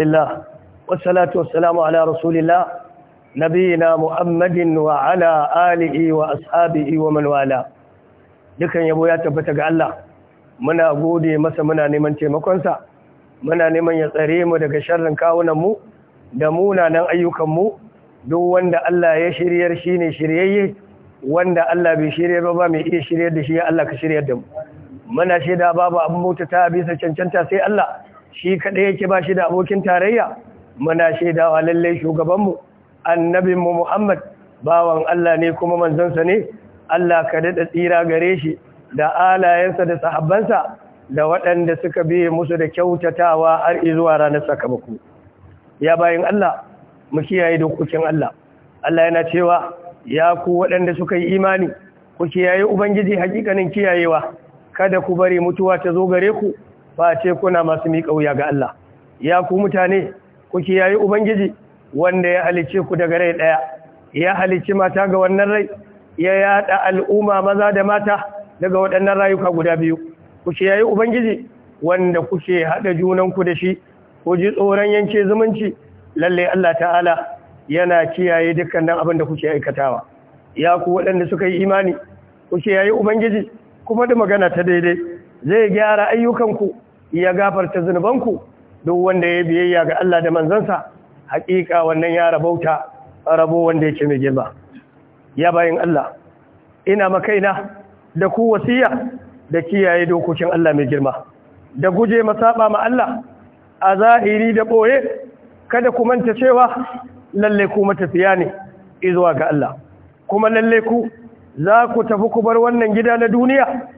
الله والصلاة والسلام على رسول الله نبينا محمد وعلى آله وأصحابه ومن والاه dukan yabo ya tabbata ga Allah muna gode masa muna neman taimakonsa muna neman ya tsare mu daga sharrin kawunan mu da munanan ayyukan mu duk wanda Allah ya shiryar shine shiryayye wanda Allah bai shiryar ba mai iya shiryar da shi ya Allah ka shiryar da mu muna shaida babu abin mota ta bisa cancanta sai Allah shi kaɗai yake ba shi da abokin tarayya muna shaidawa lallai shugabanmu annabinmu muhammad bawan allah ne kuma manzansa ne allah ka daɗa tsira gare shi da alayensa da sahabbansa da waɗanda suka biye musu da kyautatawa har zuwa ranar sakamako ya bayan allah mu kiyaye dokokin allah allah yana cewa ya ku waɗanda suka yi imani ku kiyaye ubangiji hakikanin kiyayewa kada ku bari mutuwa ta zo gare ku ba kuna masu miƙa wuya ga Allah ya ku mutane ku yayi ubangiji wanda ya halice ku daga rai daya ya halici mata ga wannan rai ya yada al'umma maza da mata daga waɗannan rayuka guda biyu ku yayi ubangiji wanda kuke hada junan ku da shi ku ji tsoron yanke zumunci lalle Allah ta'ala yana kiyaye dukkanin abin da kuke aikatawa ya ku waɗanda suka yi imani ku yayi ubangiji kuma da magana ta daidai zai gyara ayyukanku ya gafarta zunubanku duk wanda ya biyayya ga Allah da manzansa haƙiƙa wannan ya rabauta rabo wanda yake mai girma ya bayin Allah ina makaina da ku wasiya da kiyaye dokokin Allah mai girma da guje masaba ma Allah a zahiri da boye kada ku manta cewa lalle ku matafiya ne izuwa ga Allah kuma lalle ku za ku tafi ku bar wannan gida na duniya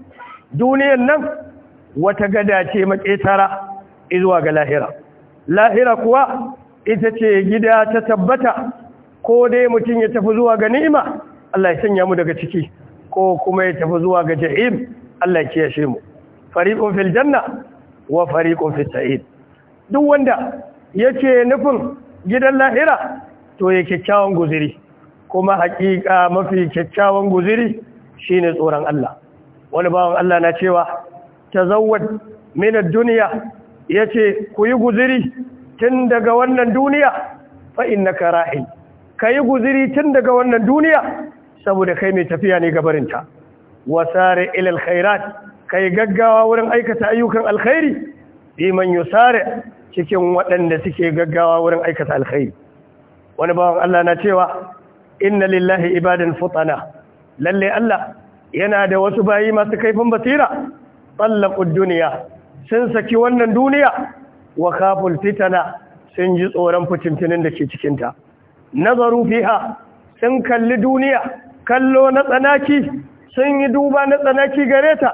duniyan nan wata gada ce maƙetara izuwa ga lahira lahira kuwa ita ce gida ta tabbata ko dai mutum ya tafi zuwa ga ni'ima Allah ya sanya mu daga ciki ko kuma ya tafi zuwa ga jahim Allah ya kiyashe mu fariqun fil janna wa fariqun fis sa'id duk wanda yake nufin gidan lahira to ya kyakkyawan guziri kuma haƙiƙa mafi kyakkyawan guziri shine tsoron Allah wani bawan Allah na cewa tazawwad min duniya ya ce ku yi guziri tun daga wannan duniya fa innaka ra'in kai guziri tun daga wannan duniya saboda kai mai tafiya ne gabarinta wasare ila alkhairat kai gaggawa wurin aikata ayyukan alkhairi biman yusare cikin waɗanda suke gaggawa wurin aikata alkhairi wani bawan Allah na cewa inna lillahi ibadan futana lalle Allah yana da wasu bayi masu kaifin basira tsallakun duniya sun saki wannan duniya wa kafin fitana sun ji tsoron fitintinin da ke cikinta nazaru fiha sun kalli duniya kallo na tsanaki sun yi duba na tsanaki gare ta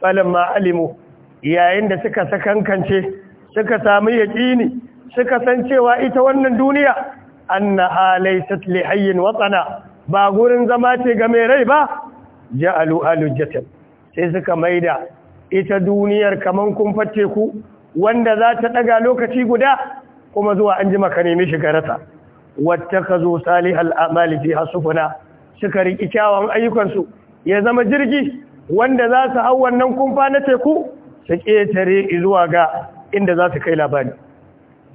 falamma alimu yayin da suka sakankance suka samu yaƙini suka san cewa ita wannan duniya Anna halai li hayyin watsana ba gurin zama ce ga mai rai ba ja'alu alujatan sai suka maida ita duniyar kaman kun fatte ku wanda za ta daga lokaci guda kuma zuwa an ka nemi shiga rasa zo salihal a'mali fi hasufuna suka riƙi kyawun ayyukansu ya zama jirgi wanda za su hau wannan kumfa na teku su ƙetare zuwa ga inda za su kai labari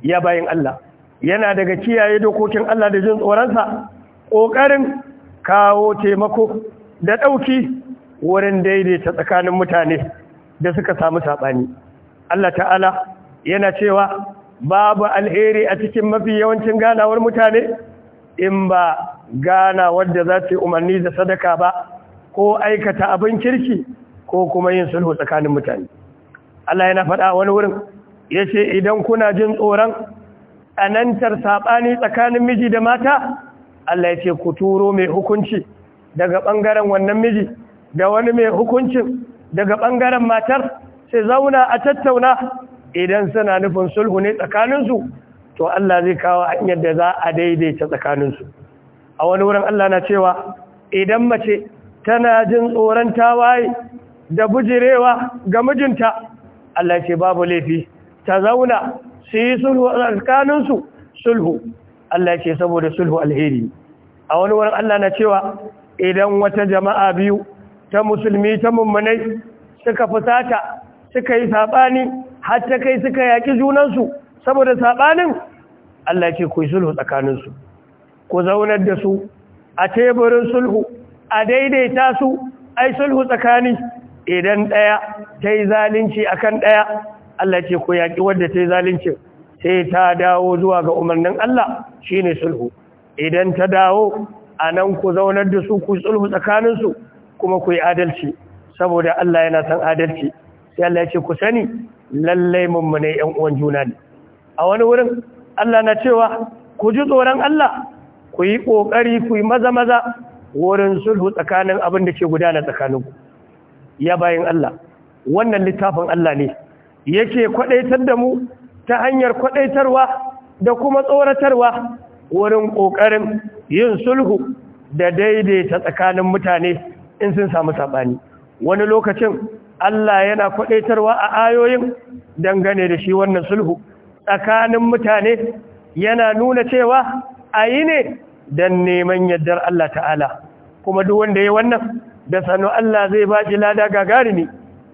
ya bayin Allah yana daga kiyaye dokokin Allah da jin tsoronsa ƙoƙarin kawo taimako da ɗauki wurin daidaita tsakanin mutane da suka samu saɓani Allah ta'ala yana cewa babu alheri a cikin mafi yawancin ganawar mutane in ba gana wadda za ta umarni da sadaka ba ko aikata abin kirki ko kuma yin sulhu tsakanin mutane Allah yana faɗa wani wurin ya ce idan kuna jin tsoron anantar saɓani tsakanin miji da mata Allah ya ce ku turo mai hukunci daga ɓangaren wannan miji da wani mai hukuncin daga ɓangaren matar sai zauna a tattauna idan suna nufin sulhu ne tsakaninsu to Allah zai kawo hanyar da za a daidaita tsakaninsu a wani wurin Allah na cewa idan mace tana jin tsoron tawaye da bujirewa ga mijinta Allah ce babu laifi ta zauna su yi sulhu a tsakaninsu sulhu Allah ce saboda sulhu alheri a wani wurin Allah na cewa idan wata jama'a biyu ta musulmi ta mummunai suka fusata suka yi saɓani har ta kai suka yaƙi junansu saboda saɓanin Allah ce ku sulhu tsakaninsu ku zaunar da su a teburin sulhu a daidaita su ai sulhu tsakani idan ɗaya ta yi zalunci a kan ɗaya Allah ce ku yaƙi wadda ta yi zalunci sai ta dawo zuwa ga umarnin Allah shi ne sulhu idan ta dawo a nan ku zaunar da su ku sulhu tsakaninsu kuma ku yi adalci saboda Allah yana san adalci sai Allah ya ce ku sani lallai mummune ƴan uwan juna ne a wani wurin Allah na cewa ku ji tsoron Allah ku yi kokari ku yi maza maza wurin sulhu tsakanin abin da ke gudana tsakaninku ya bayin Allah wannan littafin Allah ne yake kwadaitar da mu ta hanyar kwadaitarwa da kuma tsoratarwa wurin ƙoƙarin yin sulhu da daidaita tsakanin mutane in sun samu saɓani wani lokacin Allah yana kwaɗaitarwa a ayoyin dangane da shi wannan sulhu tsakanin mutane yana nuna cewa a yi ne don neman yaddar Allah ta'ala kuma duk wanda ya wannan da sanu Allah zai ba lada lada ne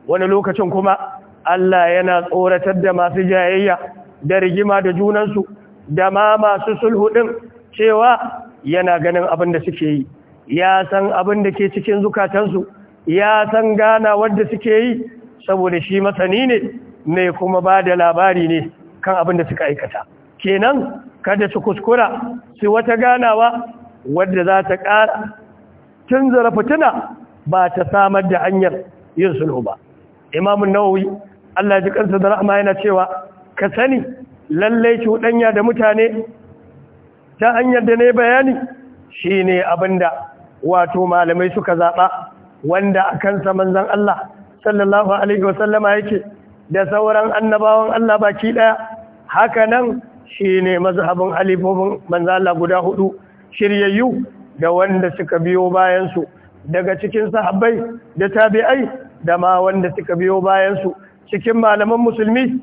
wani lokacin kuma Allah yana tsoratar da masu jayayya da rigima da junansu da ma masu sulhu ɗin cewa yana ganin abin da suke yi ya san abin da ke cikin zukatansu ya san gana wadda suke yi saboda shi masani ne mai kuma ba da labari ne kan abin da suka aikata kenan kada su kuskura su wata ganawa wadda za ta ƙara tun zara fitina ba ta samar da hanyar yin sulhu ba imamun nawawi Allah ji kansa da rahama yana cewa ka sani lallai cuɗanya da mutane ta hanyar da ne bayani shine abinda wato malamai suka zaɓa wanda a kansa manzan Allah sallallahu alaihi wasallama yake da sauran annabawan Allah baki ɗaya haka nan shi ne mazhabin alifofin manzala guda hudu shiryayyu da wanda suka biyo bayansu daga cikin sahabbai da tabi'ai da ma wanda suka biyo bayansu cikin malaman musulmi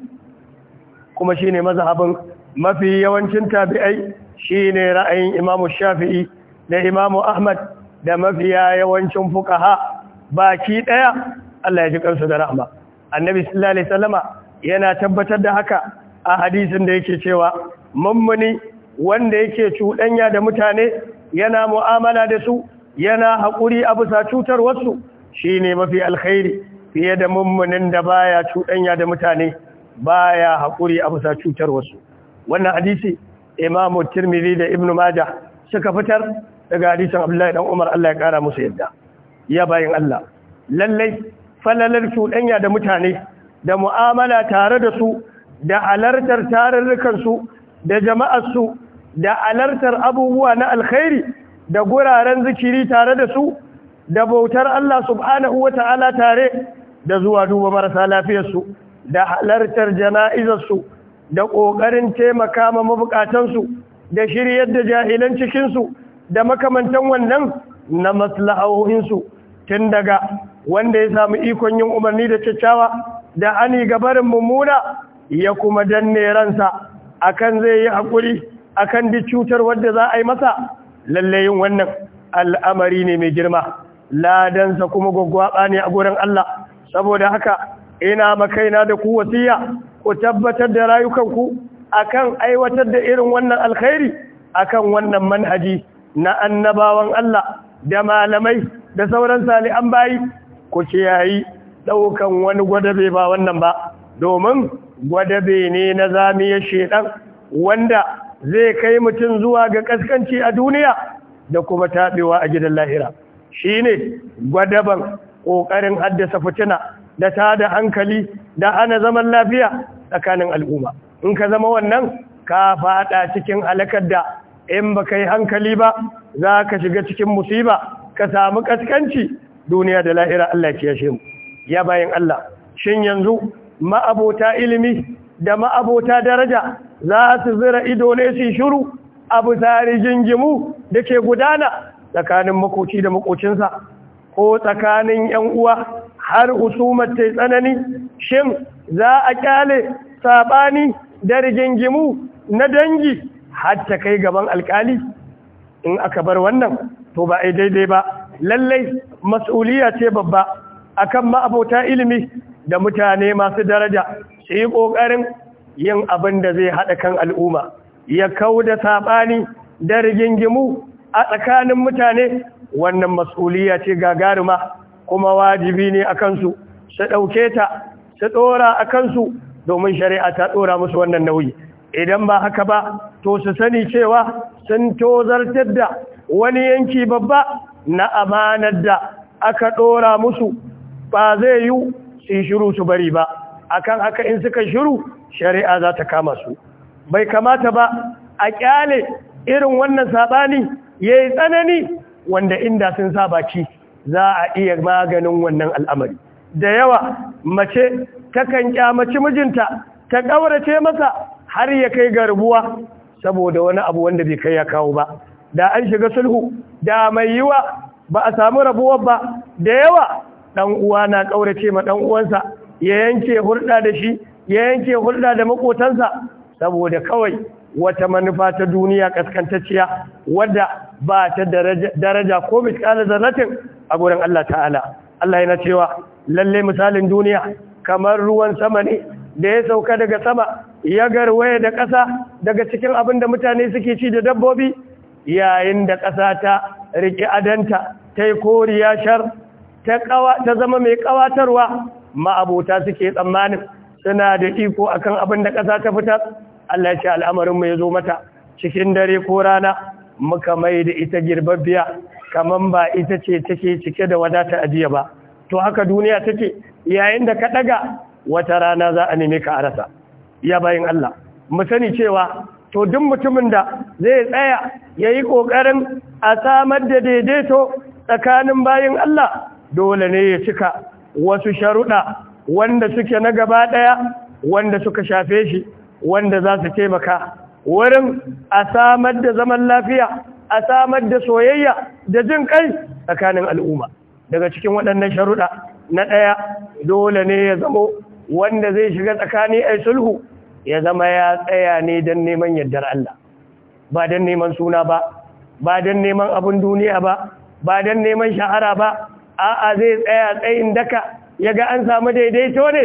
kuma shi ne mazhabin mafi yawancin tabi'ai shi ne ra'ayin imamu shafi'i da imamu ahmad da mafiya yawancin fukaha baki ɗaya Allah ya ji kansu da rahama annabi sallallahu alaihi yana tabbatar da haka a hadisin da yake cewa mummuni wanda yake cuɗanya da mutane yana mu'amala da su yana haƙuri a bisa cutar wasu shine mafi alkhairi fiye da mummunin da baya cuɗanya da mutane baya haƙuri a bisa cutar wasu wannan hadisi imamu tirmidhi da ibnu majah suka fitar daga hadisin Abdullahi dan Umar Allah ya kara musu yadda ya bayin Allah lallai falalar cuɗanya da mutane da mu'amala tare da su da alartar tarurrukan su da jama'ar su da alartar abubuwa na alkhairi da guraren zikiri tare da su da bautar Allah subhanahu wata'ala tare da zuwa duba marasa lafiyar su da halartar jana'izar su da ƙoƙarin taimaka ma su da shiryar da jahilan cikinsu da makamantan wannan na maslahohinsu tun daga wanda ya samu ikon yin umarni da kyakkyawa da ani gabarin mummuna ya kuma danne ransa akan zai yi haƙuri akan duk cutar wadda za a yi masa lallayin wannan al'amari ne mai girma ladansa kuma gwaggwaɓa ne a gurin Allah saboda haka ina makaina da ku wasiya ku tabbatar da rayukanku akan aiwatar da irin wannan alkhairi akan wannan manhaji na annabawan Allah da malamai da sauran salihan bayi ku kiyayi ɗaukan wani gwadabe ba wannan ba domin gwadabe ne na zamiyar shedan wanda zai kai mutum zuwa ga kaskanci a duniya da kuma taɓewa a gidan lahira shine gwadaban ƙoƙarin haddasa fitina da tada hankali da ana zaman lafiya tsakanin al'umma in ka zama wannan ka fada cikin halakar da in ba ka yi hankali ba za ka shiga cikin musiba ka samu kaskanci duniya da lahira Allah ya shi mu ya bayan Allah shin yanzu ma'abota ilimi da ma'abota daraja za su zira ido ne su shiru abu tsari jinjimu da ke gudana tsakanin makoci da makocinsa ko tsakanin ‘yan uwa har husumar ta tsanani shin za a kyale saɓani da rigingimu na dangi har ta kai gaban alkali in aka bar wannan to ba ai daidai ba lallai mas'uliya ce babba akan ma'abota ilimi da mutane masu daraja su yi ƙoƙarin yin abin da zai haɗa kan al'umma ya kau da saɓani da rigingimu a tsakanin mutane wannan mas'uliya ce gagaruma kuma wajibi ne a kansu su ɗauke ta su ɗora a kansu domin shari'a ta ɗora musu wannan nauyi idan ba haka ba to su sani cewa sun tozartar da wani yanki babba na amanar da aka ɗora musu ba zai yi su shiru su bari ba akan haka in suka shiru shari'a za ta kama su bai kamata ba a kyale irin wannan saɓani ya yi tsanani wanda inda sun sabaki za a iya maganin wannan al'amari da yawa mace takan ƙyamaci mijinta ta ƙaurace masa har ya kai ga rubuwa saboda wani abu wanda bai kai ya kawo ba da an shiga sulhu da mai yiwa ba a samu rabuwar ba da yawa dan uwa na kaurace ma dan uwansa ya yanke hulɗa da shi ya yanke hulɗa da makotansa saboda kawai wata manufa ta duniya kaskantacciya wadda ba ta daraja ko miskalar zarratin a gurin Allah ta'ala Allah yana cewa lalle misalin duniya kamar ruwan sama ne da ya sauka daga sama ya garwaye da ƙasa daga cikin abin da mutane suke ci da dabbobi yayin da ƙasa ta riƙe adanta ta yi koriya shar ta zama mai ƙawatarwa ma'abota suke tsammanin suna da iko a kan abin da ƙasa ta fita. Allah ce al'amarinmu ya zo mata cikin dare ko rana muka mai da ita girbabbiya kamar ba ita ce take cike da wadata ajiya ba to haka duniya take yayin da ka ɗaga wata rana za a neme ka a rasa ya bayin Allah mu sani cewa to duk mutumin da zai tsaya ya yi ƙoƙarin a samar da daidaito tsakanin bayin Allah dole ne ya cika wasu sharuɗa wanda suke na gaba ɗaya wanda suka shafe shi wanda za su taimaka wurin a samar da zaman lafiya a samar da soyayya da jin kai tsakanin al'umma daga cikin waɗannan sharuɗa na ɗaya dole ne ya zamo wanda zai shiga tsakani a sulhu ya zama ya tsaya ne don neman yardar Allah ba don neman suna ba ba don neman abin duniya ba ba don neman shahara ba a'a zai tsaya tsayin daka ya ga an samu daidaito ne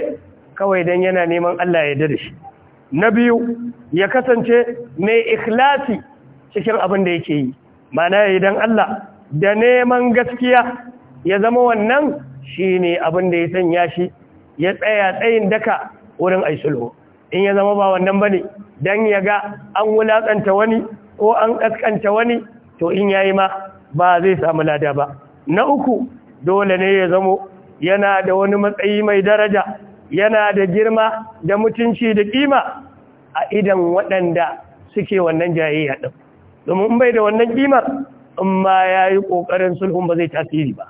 kawai don yana neman Allah ya dare shi na biyu ya kasance mai ikhlasi cikin abin da yake yi mana don Allah da neman gaskiya ya zama wannan shine abin da ya sanya shi ya tsaya tsayin daka wurin sulhu. in ya zama ba wannan bane dan ya ga an wulatsanta wani ko an kaskanta wani to in yayi ma ba zai samu lada ba na uku dole ne ya zama yana da wani matsayi mai daraja yana da girma da mutunci da kima a idan waɗanda suke wannan jayayya ɗin domin bai da wannan kimar amma ma ya yi sulhun ba zai tasiri ba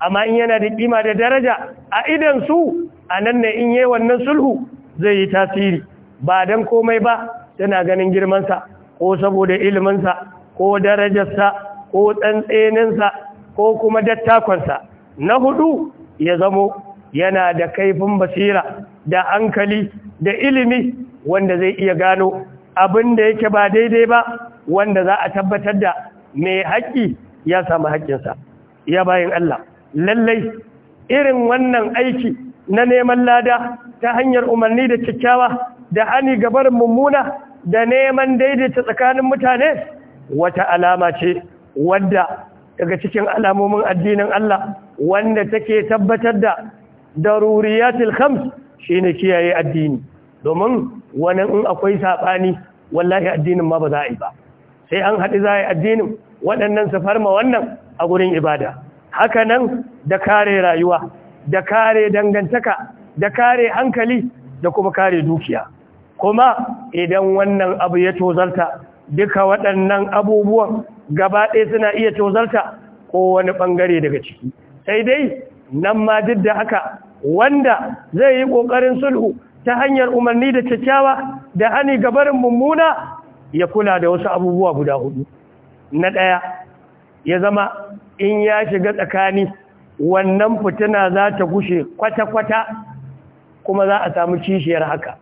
amma in yana da kima da daraja a idan su a nan ne in yi wannan sulhu zai yi tasiri ba don komai ba tana ganin girmansa ko saboda iliminsa ko darajarsa ko tsantseninsa ko kuma dattakonsa na hudu ya zamo yana da kaifin basira da hankali da ilimi wanda zai iya gano abin da yake ba daidai ba wanda za a tabbatar da mai haƙƙi ya samu haƙƙinsa ya bayin Allah lallai irin wannan aiki na neman lada ta hanyar umarni da kyakkyawa da hani gabar mummuna da neman daidaita tsakanin mutane wata alama ce wadda daga cikin alamomin addinin Allah wanda take tabbatar da daruriyatul khams shine kiyaye addini domin wani in akwai sabani wallahi addinin ma ba za a yi ba sai an haɗi za a yi addinin waɗannan su farma wannan a gurin ibada haka nan da kare rayuwa da kare dangantaka da kare hankali da kuma kare dukiya kuma idan wannan abu ya tozarta duka waɗannan abubuwan gaba ɗaya suna iya tozarta ko wani ɓangare daga ciki sai dai nan ma duk da haka wanda zai yi ƙoƙarin sulhu ta hanyar umarni da kyakkyawa da hani gabarin mummuna ya kula da wasu abubuwa guda hudu na ɗaya ya zama in ya shiga tsakani wannan fitina za ta gushe kwata-kwata kuma za a samu kishiyar haka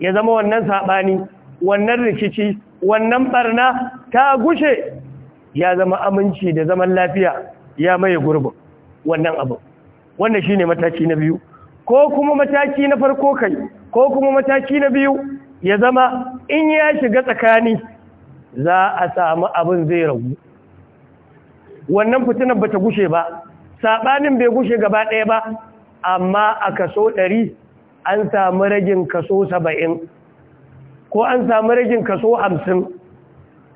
ya zama wannan saɓani wannan rikici wannan barna ta gushe ya zama aminci da zaman lafiya ya maye gurbin wannan abu wannan shine mataki na biyu ko kuma mataki na farko kai ko kuma mataki na biyu ya zama in ya shiga tsakani za a samu abin zai ragu wannan fitinar bata gushe ba saɓanin bai gushe gaba ɗaya ba amma a kaso ɗari an samu ragin kaso saba'in ko an samu ragin kaso hamsin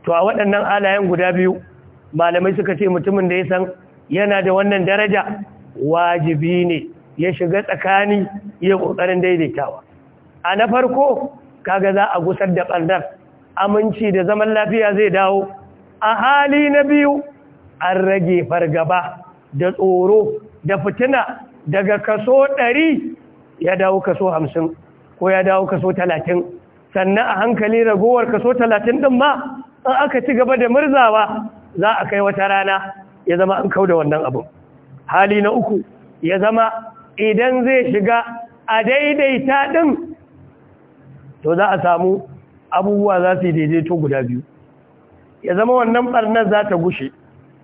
to a waɗannan alayen guda biyu malamai suka ce mutumin da ya san yana da wannan daraja wajibi ne ya shiga tsakani ya ƙoƙarin daidaitawa a na farko kaga za a gusar da ɓandar aminci da zaman lafiya zai dawo a hali na biyu an rage fargaba da tsoro da fitina daga kaso ɗari ya dawo kaso hamsin ko ya dawo kaso talatin sannan a hankali ragowar kaso talatin ɗin ma in aka ci gaba da murzawa za a kai wata rana ya zama an kau da wannan abu hali na uku ya zama idan zai shiga a daidaita ɗin to za a samu abubuwa za su yi daidaito guda biyu ya zama wannan ɓarnar za ta gushe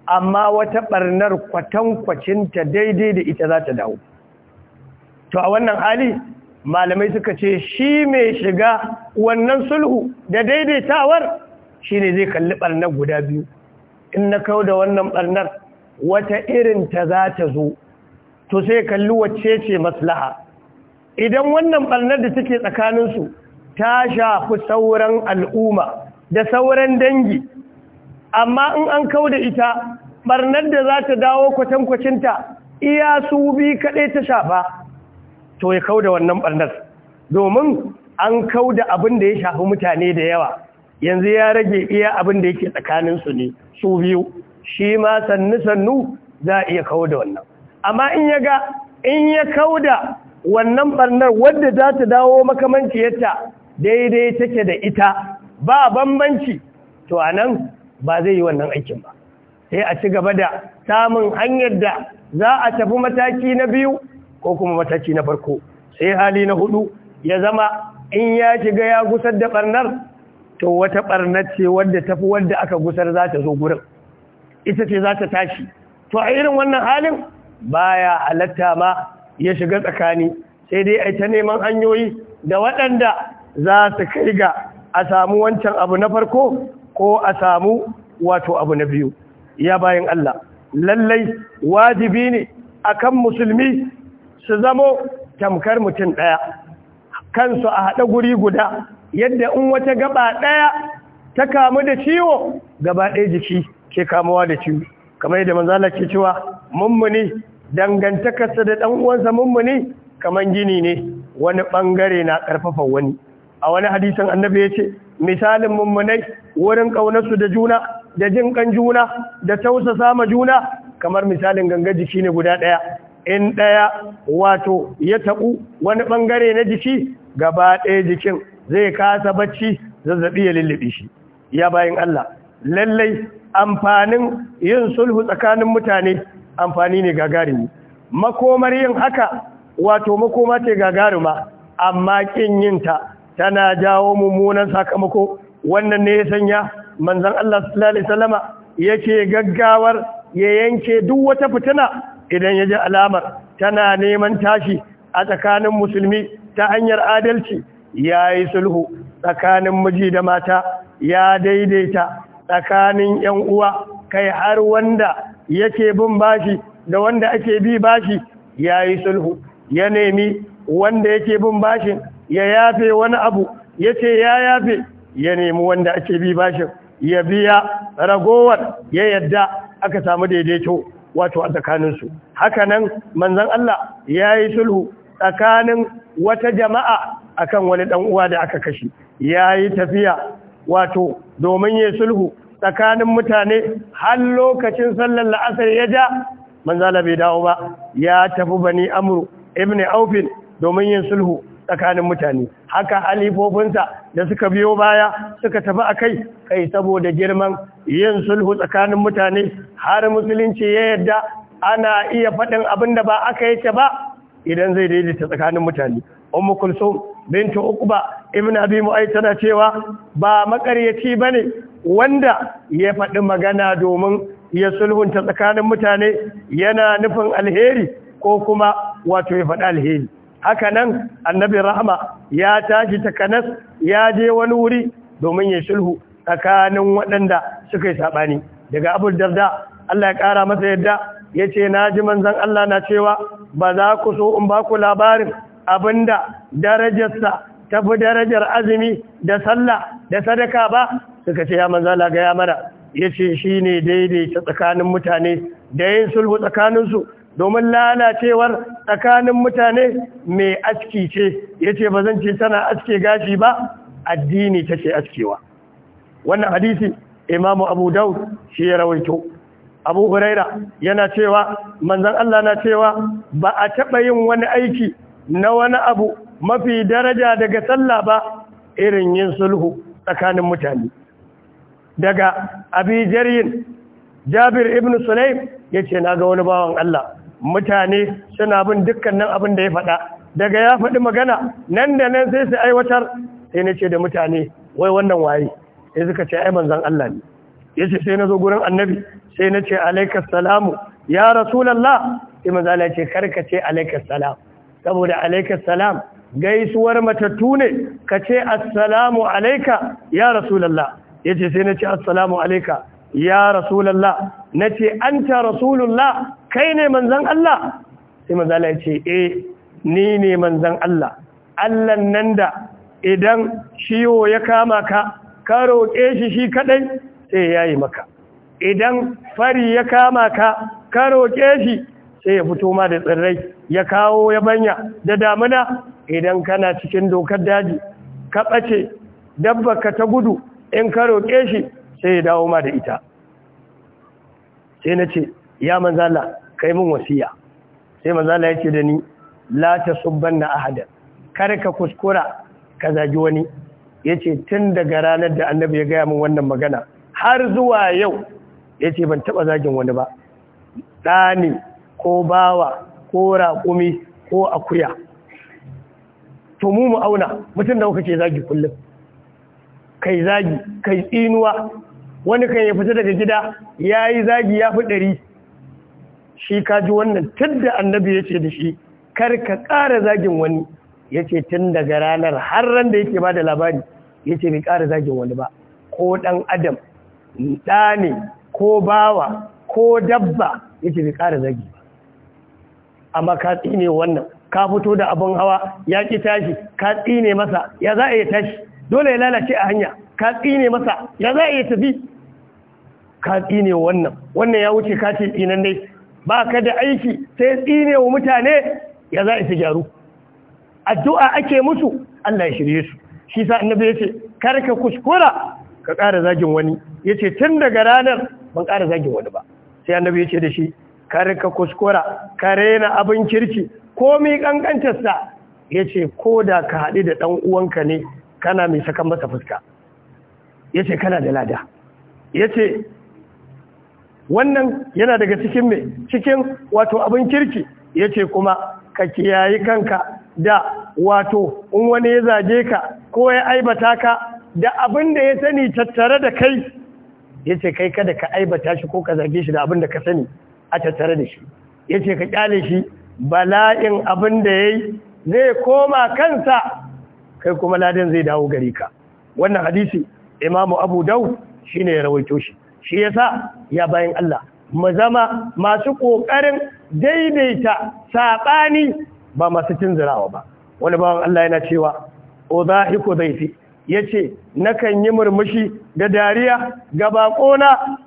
amma wata barnar kwatankwacinta daidai da ita za ta dawo to a wannan hali malamai suka ce shi mai shiga wannan sulhu da daidaitawar shi ne zai kalli barnar guda biyu in na kawo da wannan barnar wata irin ta za ta zo to sai kalli wacce ce maslaha idan wannan barnar da take tsakaninsu ta shafi sauran al'umma da sauran dangi amma in an kau da ita barnar da za ta dawo kwatankwacinta iya su bi kaɗai ta shafa to ya kau da wannan barnar domin an kau da abin da ya shafi mutane da yawa yanzu ya rage iya abin da yake tsakaninsu ne su biyu shi ma sannu-sannu za a iya kau da wannan amma in ya ga in ya kau da wannan barnar wadda za ta dawo makamanciyarta daidai take da ita ba bambanci to a ba zai yi wannan aikin ba sai a ci gaba da samun hanyar da za a tafi mataki na biyu ko kuma mataki na farko sai hali na hudu ya zama in ya shiga ya gusar da barnar to wata ɓarnar ce wadda tafi wadda aka gusar za ta zo gurin ita ce za ta tashi to a irin wannan halin baya halatta ma ya shiga tsakani sai dai a ta neman hanyoyi da waɗanda za su kai ga a samu wancan abu na farko ko a samu wato abu na biyu ya bayan Allah lallai wajibi ne akan musulmi su zamo tamkar mutum ɗaya kansu a haɗa guri guda yadda in wata gaba ɗaya ta kamu da ciwo gaba ɗaya jiki ke kamuwa da ciwo kamar yadda manzala ke cewa mummuni dangantakarsa da ɗan uwansa mummuni kamar gini ne wani ɓangare na ƙarfafa wani a wani hadisin annabi ya ce misalin mummunai wurin ƙaunarsu da juna da jin kan juna da tausasa ma juna kamar misalin ganga jiki ne guda ɗaya in ɗaya wato ya taɓu wani ɓangare na jiki gaba ɗaya jikin zai kasa bacci zazzaɓi ya lullube shi ya bayan Allah lallai amfanin yin sulhu tsakanin mutane amfani ne gagarumi makomar yin haka wato makoma ce gagaruma amma kin ta. tana jawo mummunan sakamako wannan ne ya sanya manzon Allah sallallahu alaihi wasallama yake gaggawar ya yanke duk wata fitina idan ya ji alamar tana neman tashi a tsakanin musulmi ta hanyar adalci ya yi sulhu tsakanin miji da mata ya daidaita tsakanin 'yan uwa kai har wanda yake bin bashi da wanda ake bi bashi ya yi sulhu ya nemi wanda yake bin bashin ya yafe wani abu ya ce ya yafe ya nemi wanda ake bi bashin ya biya ragowar ya yadda aka samu daidaito wato a tsakaninsu hakanan manzan Allah ya yi sulhu tsakanin wata jama'a akan wani ɗan uwa da aka kashe ya yi tafiya wato domin ya sulhu tsakanin mutane har lokacin sallar la'asar ya ja manzala bai dawo ba ya tafi bani amru ibn aufin domin yin sulhu tsakanin mutane haka halifofinsa da suka biyo baya suka tafi a kai kai saboda girman yin sulhu tsakanin mutane har musulunci ya yadda ana iya faɗin abin da ba aka yake ba idan zai daidaita tsakanin mutane ummu kulsum bintu ukuba ibn abi mu'ayt tana cewa ba makaryaci ne wanda ya faɗi magana domin ya sulhunta tsakanin mutane yana nufin alheri ko kuma wato ya faɗi alheri haka nan annabi rahama ya tashi takanas ya je wani wuri domin ya sulhu tsakanin waɗanda suka yi saɓani daga abu darda Allah ya ƙara masa yadda ya ce na ji manzan Allah na cewa ba za ku so in ba ku labarin abinda darajarsa ta fi darajar azumi da sallah da sadaka ba suka ce ya manzala ga ya mana Yace ce shi ne daidaita tsakanin mutane da yin sulhu tsakaninsu domin lalacewar tsakanin mutane mai aski ce ya ce ba zan ce tana aske gashi ba addini ta ce askewa wannan hadisi imamu abu daud shi ya rawaito abu huraira yana cewa manzan allah na cewa ba a taɓa yin wani aiki na wani abu mafi daraja daga sallah ba irin yin sulhu tsakanin mutane daga abijaryin jabir ibn sulaim ya ce na ga wani bawan allah mutane suna bin dukkanin abin da ya faɗa daga ya faɗi magana nan da nan sai su aiwatar sai na ce da mutane wai wannan waye sai suka ce ai manzon Allah ne yace sai na zo gurin annabi sai na ce alaikas salamu ya rasulullah sai manzo Allah ya ce karka ce alaikas salam saboda alaikas salam gaisuwar matattu ne ka ce assalamu alaika ya rasulallah ya ce sai na ce assalamu alaika ya rasulallah na ce an ta rasulallah kai ne manzan Allah sai manzala ya ce eh ni ne manzan Allah Allah nan da idan shiwo ya kama ka ka roƙe shi shi kaɗai sai ya yi maka idan fari ya kama ka ka roƙe shi sai ya fito ma da tsirrai ya kawo ya banya da damuna idan kana cikin dokar daji ka ɓace ka ta gudu in ka roƙe shi sai ya dawo ma da ita sai na ce ya manzala kai mun wasiya sai manzo Allah yace da ni la tasubbanna ahada kar ka kuskura ka zagi wani yace tun daga ranar da annabi ya gaya min wannan magana har zuwa yau yace ban taba zagin wani ba ɗani ko bawa ko raƙumi ko akuya to mu mu auna mutum da kuka ce zagi kullum kai zagi kai tsinuwa wani kan ya fita daga gida yayi zagi ya fi ɗari shi kaji wannan tunda annabi ya ce da shi kar ka ƙara zagin wani ya ce tun daga ranar har ran da yake bada labari ya ce bai ƙara zagin wani ba ko ɗan adam ɗa ne ko bawa ko dabba ya ce bai ƙara zagi ba amma ka tsine wannan ka fito da abin hawa ya ƙi tashi ka tsine masa ya za a yi tashi dole ya lalace a hanya ka tsine masa ya za a yi tafi ka tsine wannan wannan ya wuce ka ce tsinan dai ba ka da aiki sai tsine wa mutane ya za isa gyaru addu'a ake musu Allah ya shirye su shi sa annabi ya ce kar ka kuskura ka ƙara zagin wani Yace tun daga ranar ban ƙara zagin wani ba sai annabi ya ce da shi karka kuskura ka rena abin kirki komi ƙanƙantarsa ya Yace ko da ka haɗu da ɗan uwanka ne kana mai sakan masa fuska Yace ce kana da lada Yace. wannan yana daga cikin me cikin wato abin kirki yace kuma ka kiyayi kanka da wato in wani ya zage ka ko ya aibata ka da abin da ya sani tattare da kai yace kai kada ka aibata shi ko ka zage shi da abin da ka sani a tattare da shi yace ka kyale shi bala'in abin da yayi zai koma kansa kai kuma ladan zai dawo gari ka wannan hadisi imamu abu daud shine ya rawaito shi shi yasa ya bayan Allah mu zama masu ƙoƙarin daidaita saɓani ba masu cinzirawa ba wani bawan Allah yana cewa o zai fi? ya ce nakan yi murmushi da dariya ga baƙona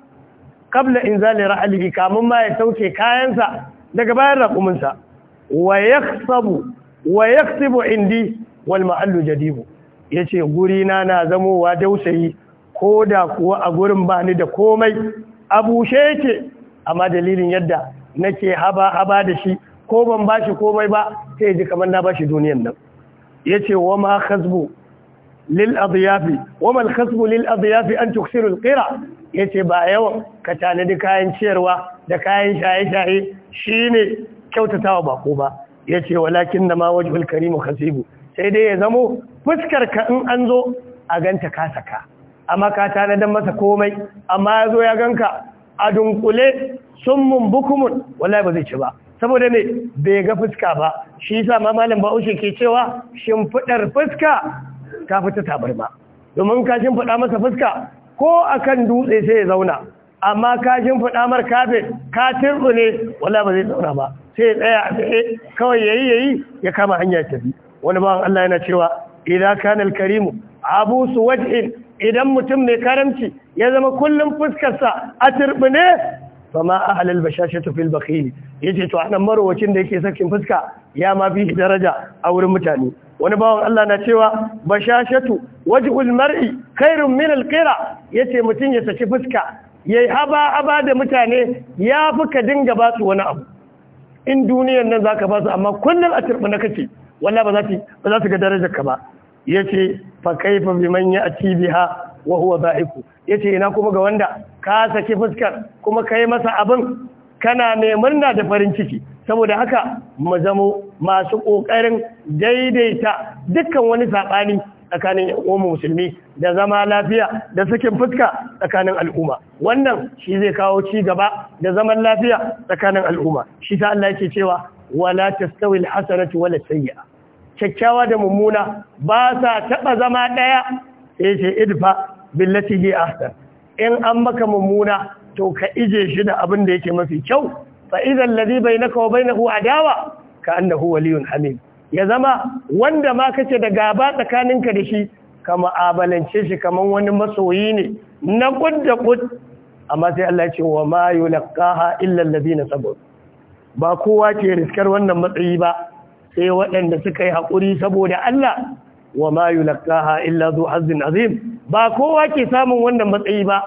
kabla in zali ra'alihi kamun ma ya sauke kayansa daga bayan raƙuminsa wa yaksabu wa yaksibu indi wal ma'allu jadibu ya ce gurina na zamowa dausayi ko da kuwa a gurin ba ni da komai a bushe yake amma dalilin yadda nake haba haba da shi ko ban ba shi komai ba sai ji kamar na ba shi duniyan nan ya ce wa ma khasbu lil adiyafi wa ma khasbu lil adiyafi an tuksiru al qira yace ba yawan ka tanadi kayan ciyarwa da kayan shaye shaye shine kyautatawa ba ko ba yace walakin na ma wajhul karimu khasibu sai dai ya zamo fuskar ka in an zo a ganta ka saka amma ka da masa komai amma ya zo ya ganka a dunkule summun bukumun wallahi ba zai ci ba saboda ne bai ga fuska ba shi yasa ma malam Bahaushe ke cewa shimfidar fuska ta fita tabarma domin ka shimfida masa fuska ko akan dutse sai ya zauna amma ka shimfida mar kafe ka ne wallahi ba zai zauna ba sai ya tsaya a tsaye kawai yayi yayi ya kama hanya tafi wani bawan Allah yana cewa idan kana al-karimu abu suwajhin idan mutum mai karamci ya zama kullum fuskarsa a turbine ba ma a halal bashashe tufil bakili ya ce to anan nan marowacin da yake sakin fuska ya ma fi daraja a wurin mutane wani bawan Allah na cewa bashashatu wajhul mar'i khairun min ya yace mutum ya saki fuska yayi haba haba da mutane ya fi ka dinga ba su wani abu in duniyar nan zaka ba su amma kullum a turbine kake wallahi ba ba za su ga darajar ka ba yace fa kaifa biman ya'ti biha wa huwa ba'iku yace ina kuma ga wanda ka saki fuskar kuma kai masa abin kana mai murna da farin ciki saboda haka mu zamo masu kokarin daidaita dukkan wani sabani tsakanin uwan musulmi da zama lafiya da sakin fuska tsakanin al'umma wannan shi zai kawo ci gaba da zaman lafiya tsakanin al'umma shi ta Allah yake cewa wala tastawi al-hasanatu wala sayyi'a kyakkyawa da mummuna ba sa taɓa zama ɗaya ya ce idfa billati hi ahsan in an maka mummuna to ka ije shi da abin da yake mafi kyau fa idan ladhi bainaka wa bainahu adawa ka annahu waliyun hamim ya zama wanda ma kake da gaba tsakaninka da shi ka ma'abalance shi kaman wani masoyi ne na kudda kud amma sai Allah ya ce wa ma yulqaha illa alladhina sabaru ba kowa ke riskar wannan matsayi ba sai waɗanda suka yi haƙuri saboda Allah wa ma yulqaha illa zu hazzin azim ba kowa ke samun wannan matsayi ba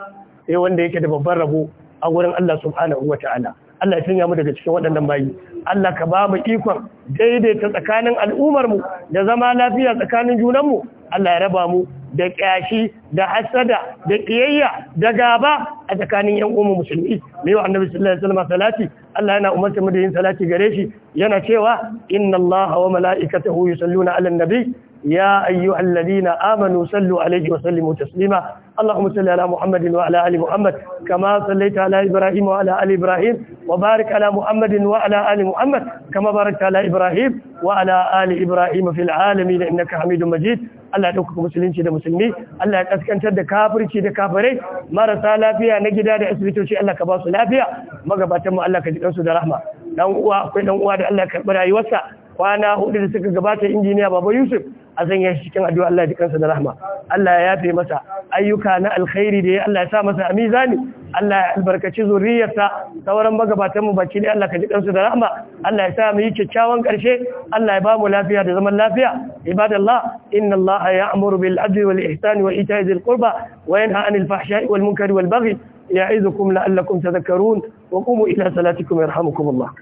sai wanda yake da babban rabo a wurin Allah subhanahu wataala Allah ya sanya mu daga cikin waɗannan bayi Allah ka ba mu ikon daidaita tsakanin al'ummar mu da zama lafiya tsakanin junan mu Allah ya raba mu da kyashi da hasada da kiyayya da gaba a tsakanin yan uwan musulmi Me wa annabi sallallahu alaihi wasallam salati Allah yana umarta mu da yin salati gare shi yana cewa inna Allah wa mala'ikatahu yusalluna 'alan nabi يا أيها الذين آمنوا صلوا عليه وسلموا تسليما اللهم صل على محمد وعلى آل محمد كما صليت على إبراهيم وعلى آل إبراهيم وبارك على محمد وعلى آل محمد كما باركت على إبراهيم وعلى آل إبراهيم في العالمين إنك حميد مجيد الله يحفظكم مسلمين شيد مسلمين الله يسكن شد كافر شيد كافرين ما رسالة فيها نجد هذا أسبيت شيء الله كباس لا فيها ما قبتم الله كجدر سود رحمة نوع نعم، نوع نعم، الله كبر أيوسا وأنا هو اللي سكت قبته بابا يوسف azan sanya shi cikin addu'a Allah ya ji kansa da rahma Allah ya yafe masa ayyuka na alkhairi da Allah ya sa masa amizani Allah ya albarkaci zuriyarsa sauran magabatan mu baki da Allah ka ji kansu da rahma Allah ya sa mu yi kyakkyawan karshe Allah ya ba mu lafiya da zaman lafiya ibadallah inna Allah ya'muru bil adli wal ihsan wa ita'i dhil qurba wa yanha 'anil fahsha'i wal munkari wal baghi ya'idhukum la'allakum tadhakkarun wa qumu ila salatikum yarhamukum Allah